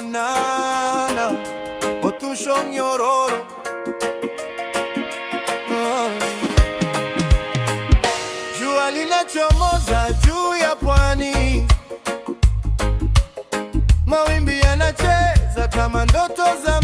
banana o tu son nyororo mm. jua linachomoza juu ya pwani, mawimbi yanacheza kama ndoto za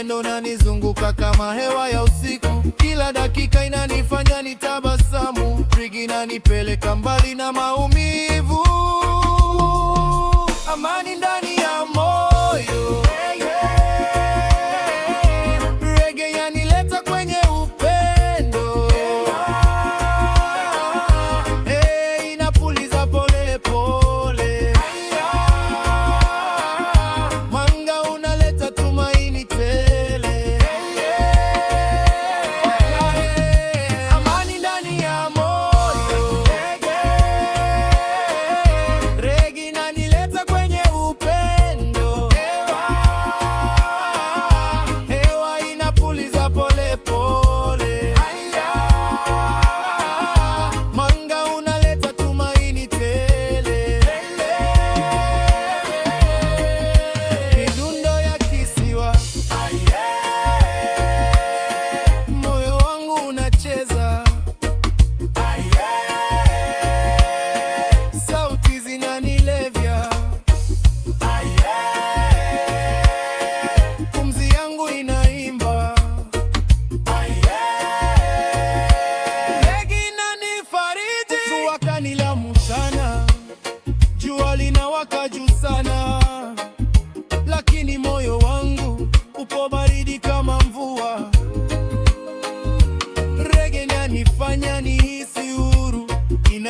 upendo nanizunguka kama hewa ya usiku, kila dakika inanifanya nitabasamu, rigi inanipeleka mbali na maumivu.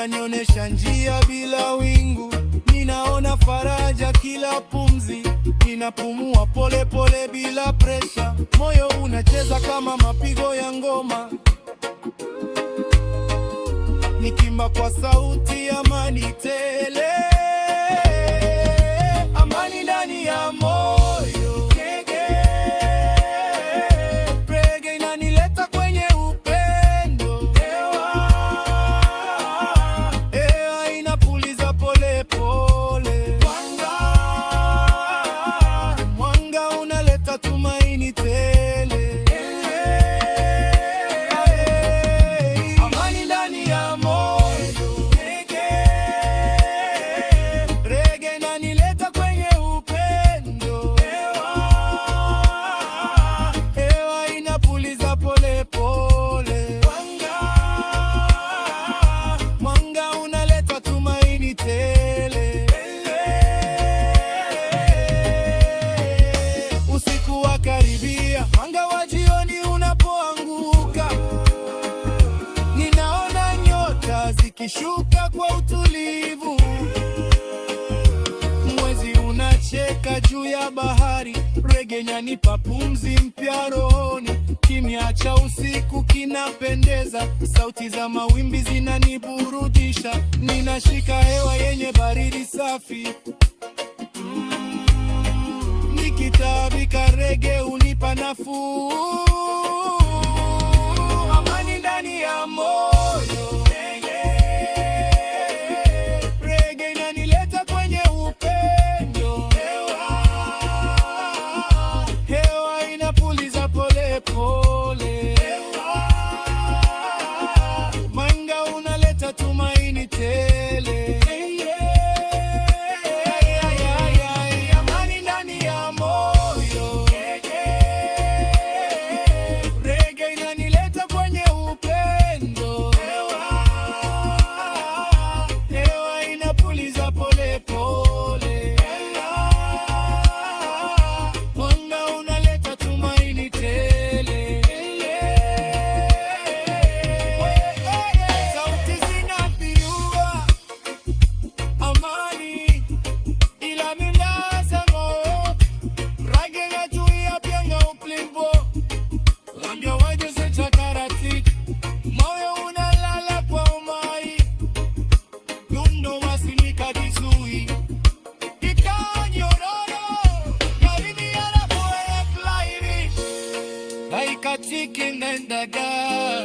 unanionyesha njia bila wingu, ninaona faraja kila pumzi, ninapumua polepole bila presha, moyo unacheza kama mapigo ya ngoma, nikimba kwa sauti amani tele shuka kwa utulivu, mwezi unacheka juu ya bahari, rege nyanipa pumzi mpya rohoni. Kimya cha usiku kinapendeza, sauti za mawimbi zinaniburudisha, ninashika hewa yenye baridi safi Nikitaabika rege unipa nafuu, amani ndani ya moyo. katika ngendaga